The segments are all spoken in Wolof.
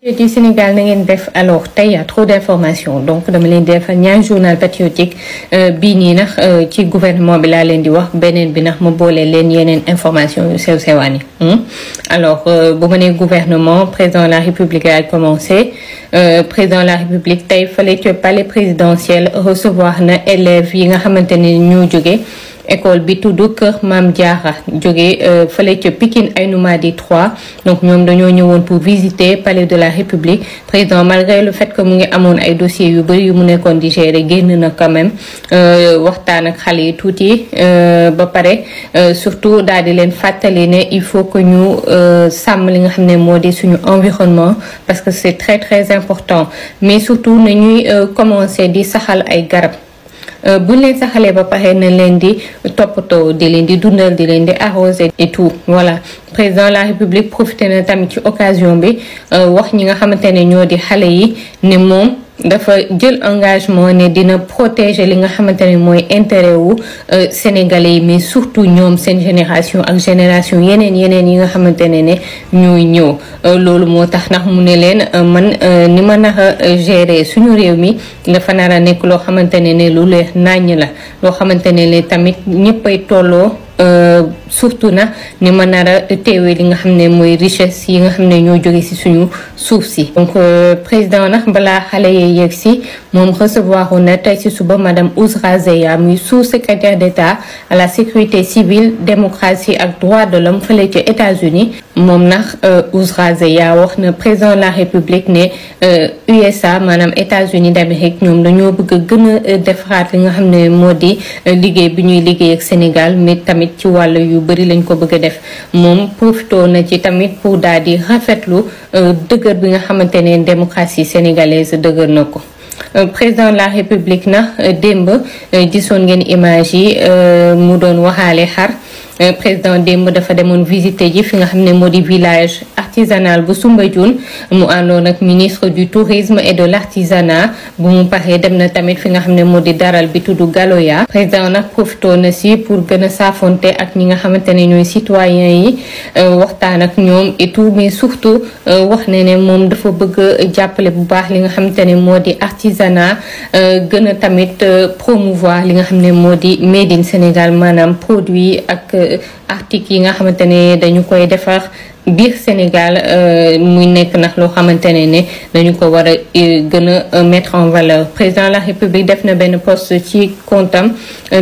du Sénégal na ngeen def alors a trop d'informations donc dama leen di defal journal patriotique euh, bii qui nax euh, ci gouvernement bi laa leen di wax beneen bi nax ma boole leen yeneen information yu hmm? alors euh, bu ma gouvernement président de la république a commencé président de la république fallait que ci palais présidentiel recevoir na élève yi nga xamante ne ñoo école bi tudd Kër Maam Diarra jógee feulé ci Pikine Aïnoumady 3 donc ñom dañu ñëwone pour visiter palais de la République président malgré le fait que mu ngi amone ay dossiers yu bari yu mu nekkoon di gérer genn na quand même euh, waxtaan ak xalé touti euh ba pare euh, surtout daal di len fàttali né il faut que ñu euh, sam li nga xamné modi suñu environnement parce que c'est très très important mais surtout ñuy commencer di saxal ay garab. Euh, buñ leen saxalee ba pare na leen di toppatoo di leen di dundal di leen di arrosé et tout voilà président la république profité na tamit ci occasion bi euh, wax ñi nga xamante ne ñoo di xale yi ne moom dafa jël engagement ne dina protéger li nga xamante moy intérêt wu euh, sénégalais mais surtout ñom sen génération ak génération yenen yenen yi nga xamante ne ne ñooy ñëw euh, loolu motax nak mu ne len euh, man ni ma nax gérer suñu réew mi dafa nar a nekk loo xamante ne ne lu leer nàññ la lo xamante ne tamit ñeppay tolo euh surtout na ni manara nar li nga xamné ne richesse yi nga xamné ne ñoo joggé ci suñu souf ci donc euh, président nak bala xalé yee yegg si moom recevoir na tey si suba madame Ouzra Zeya muy sous-secrétaire d'État à la sécurité civile démocratie ak droit de l'homme fële ci États-Unis mom nak euh, Ouzra Zeya wax na président de la République ne USA euh, manam États-Unis d'Amérique ñom dañoo bëgg gëna gën a li nga xamné ne moo liggéey bi ñuy liggéey ak Sénégal mais tamit ci walu yu bëri lañ ko bëgg def mom profitoo na ci tamit pour daal di rafetlu euh, dëgër bi nga xamantene démocratie sénégalaise dëgër nako ko euh, président de la république na euh, demb gisoon ngeen image yi mu doon waxale xar président demb dafa demoon visiter ji fi nga xam modi village artisanal bu Soumbédioune mu àndoon ak ministre du tourisme et de l'artisanat bu mu paree dem na tamit fi nga xam ne moo di daral bi tudd Galoya président nag profité na si pour gën a saafonte ak ñi nga xamante ne ñooy citoyens yi euh, waxtaan ak ñoom et tout mais surtout euh, wax ne ne moom dafa bëgg jàppale bu baax li nga xamante ne moo di artisanat euh, gën a tamit promouvoir li nga xam ne moo di made in Sénégal produit ak article yi nga xamante ne dañu koy defar bir Sénégal euh, muy nek nak lo xamante ne dañu ko wara gëna euh, gën euh, mettre en valeur président de la république def na benn poste ci comptam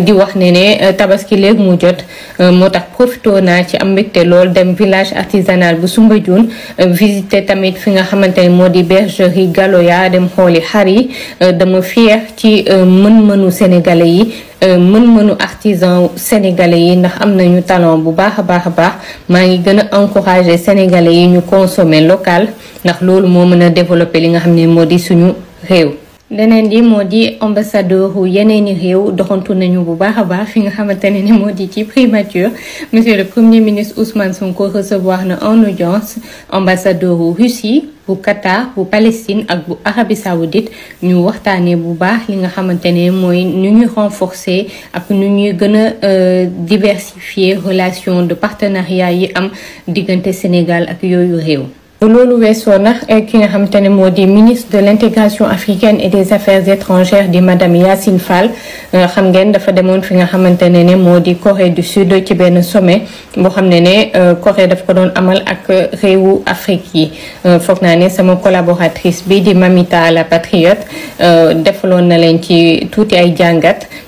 di wax ne ne tabaski léegi mu jot motax profito na ci am mbégte lool dem village artisanal bu Soumbédioune visité tamit fi nga xamante modi bergerie Galoya dem xoli xar dama fier ci mën-mënu sénégalais yi Euh, mën-mënu artisan sénégalais yi ndax am nañu talent bu baax a baax a baax maa ngi gën a encourager sénégalais yi ñu consommer local ndax loolu moo mën a développer li nga xam ne moo di suñu réew. leneen li moo di ambassadeur yeneeni réew doxantu nañu bu baax a baax fi nga xamantene ne ni moo di ci primature monsieur le premier ministre Ousmane Sonko recevoir na en audience ambassadeur Russie bu Qatar bu Palestine ak bu Arabie Saoudite ñu waxtaanee bu baax li nga xamantene ne mooy nu ñuy renforcer ak nu ñuy gën euh, diversifier relation de partenariat yi am diggante Sénégal ak yooyu réew loolu weesoo na ki nga xamante ne moo di ministre de l'intégration africaine et des affaires étrangères di madame Yacine Fall euh, xam ngeen dafa demoon fi nga xamante ne ne Corée du Sud ci benn sommet boo xam ne ne euh, Corée daf ko doon amal ak réewu Afrique yi euh, foog naa ne sama collaboratrice bi di Mamita la Patriote defaloon na leen ci tout ay jàngat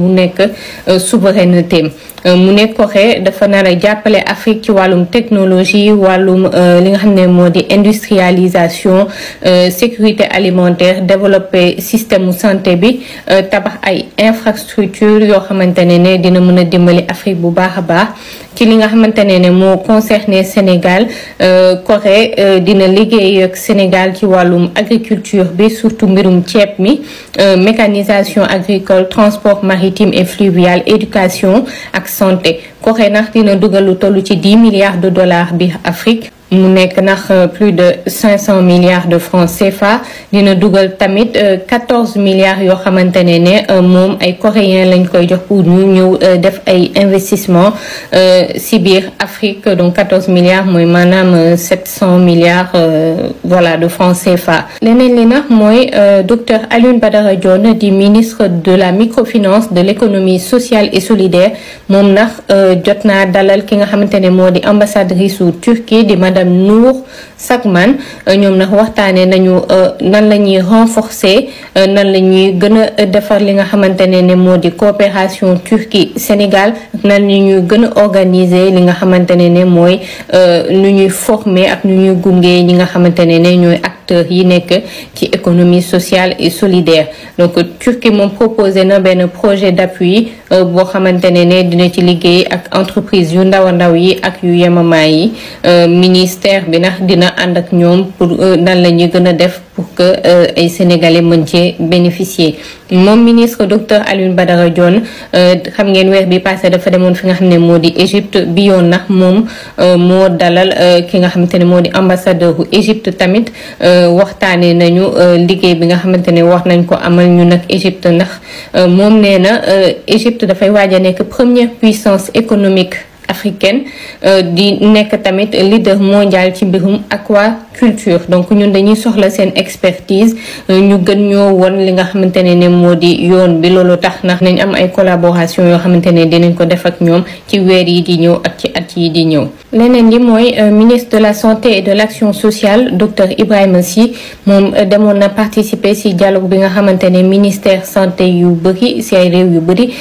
bu nek euh, souveraineté euh, mu ne CORED dafa nar jappalé Afrique ci walum technologie walum euh, li nga xamné modi industrialisation sécurité alimentaire développer système santé bi tabax ay infrastructure yo xamante né dina mëna dimbali Afrique bu baaxa baax qui nous nga xamante Sénégal euh, Corée euh, dina liggéey ak Sénégal ci wàllum agriculture bi surtout mbirum euh, mécanisation agricole transport maritime et fluvial éducation ak santé Corée Sénégal dina dugal lu ci 10 milliards de dollars en Afrique mu nekk nax euh, plus de 500 milliards de francs CFA dina dugal tamit 14 euh, milliards yoo xamante ne ne euh, moom ay coréens lañ koy jox pour ñu ñëw def ay investissement si biir Afrique donc 14 milliards mooy maanaam 700 milliards voilà de francs CFA. leneen li nag mooy docteur Alun Badara di ministre de la microfinance de l'économie sociale et solidaire moom nax jot naa dalal ki nga xamante ne moo Turquie di madame. Madame Nour Sagman euh, ñoom nag waxtaanee nañu euh, nan la ñuy renforcer euh, nan la ñuy gën a defar li nga xamante ne ne moo di coopération Turquie Sénégal ak nan la ñuy gën a organiser li nga xamante ne ne mooy nu ñuy former ak nu ñuy gunge ñi nga xamante ne ñooy. acteurs est économie sociale et solidaire donc Turquie m'a proposé un projet d'appui pour euh, xamante ne ne dina ci liggéey ak entreprise yu ndaw euh, ministère dina ak pour euh, nan le pour que euh, ay sénégalais mën cee bénéficier moom ministre docteur Alioune Badara euh, xam ngeen wéx bi passé dafa demone fi nga xamné ne Égypte bi nak mom euh, mo dalal euh, ki nga xamante ne ambassadeur bu Égypte tamit euh, waxtaanee nañu euh, liggéey bi nga xamante wax nañ ko amal ñu nak Égypte ndax euh, mom néna na Égypte da fay a nek première puissance économique africaine euh, di nek tamit leader mondial ci mbirum aquaculture donc ñun dañuy soxla sen expertise euh, ñu gën ñoo won li nga xamantene ne modi yoon bi lolu tax na nañ am ay collaboration yo xamantene dinañ ko def ak ñom ci wër yi di ñew ak ci at yi di ñew leneen li moy euh, ministre de la santé et de l'action sociale docteur Ibrahim Sy mom demoon na participer ci dialogue bi nga xamantene ministère santé yu bëri ci ay réew yu bëri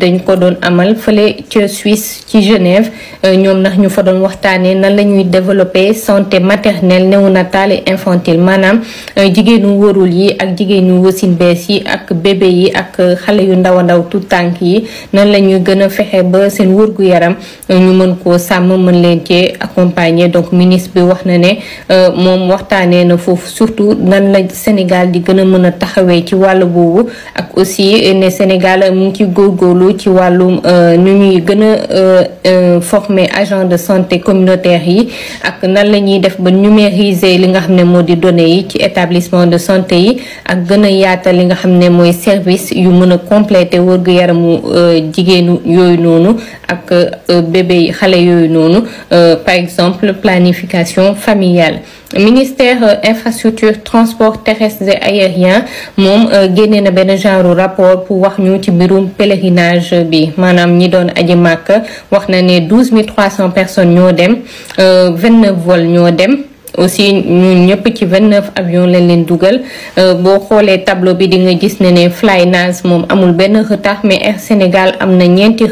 dañ ko doon amal fele ci Suisse ci Genève euh, ñoom nag ñu fa doon waxtaanee nan la ñuy développer santé maternelle néonatale et infantile maanaam euh, jigéenu wóorul yi ak jigéenu wasin bees yi ak bébé yi ak euh, xale yu ndaw a ndaw tout tànk yi nan la ñuy gën a fexe ba seen wargu yaram ñu mën koo sàmm mën leen cee accompagner donc ministre bi wax na ne moom waxtaanee na foofu surtout nan la Sénégal di gën a mën a taxawee ci wàll boobu ak aussi ne Sénégal mu ci góorgóorlu ci wàllum nu ñuy gën Euh, former agent de santé communautaire ak nan lañuy def ba numériser li nga xamné modi données yi ci établissement de santé yi ak gëna yaata li nga xamné moy service yu mëna a compléter wërgu yaramu euh, jigéenu yoy nonu ak euh, bébé xalé yoy nonu par exemple planification familiale ministère infrastructure transport terrestre et aérien mom génne na benn genre rapport pour wax ñu ci birum pèlerinage bi manam ñi doon aji mak wax na 12 300 personnes 29 euh, vols ont aussi ñun ñëpp ci 29 avions lañ leen dugal euh, boo tableau bi di nga gis né retard mais Air Sénégal am na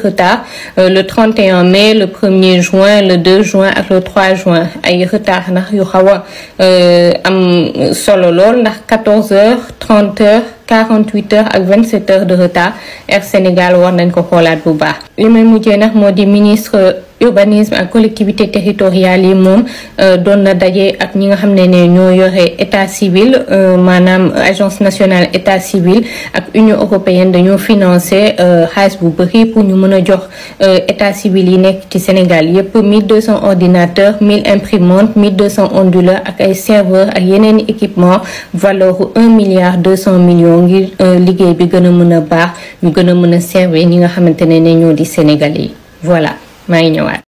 retard euh, le 31 mai le 1er juin le 2 juin ak le 3 juin ay retard nak yu xawa euh, am solo 14 h 30 h 48 heures ak 27 heures de retard Air Sénégal war nañ ko xoolaat bu ministre urbanisme ak collectivité territoriale yi civil manam agence nationale état civil ak union européenne dañoo financé euh, bu pour ñu euh, civil yi Sénégal yépp 1200 ordinateurs 1000 imprimantes 1200 onduleurs serveurs ak équipement valeur 1 milliard 200 millions ngir euh, liggéey bi voilà まあいいのは。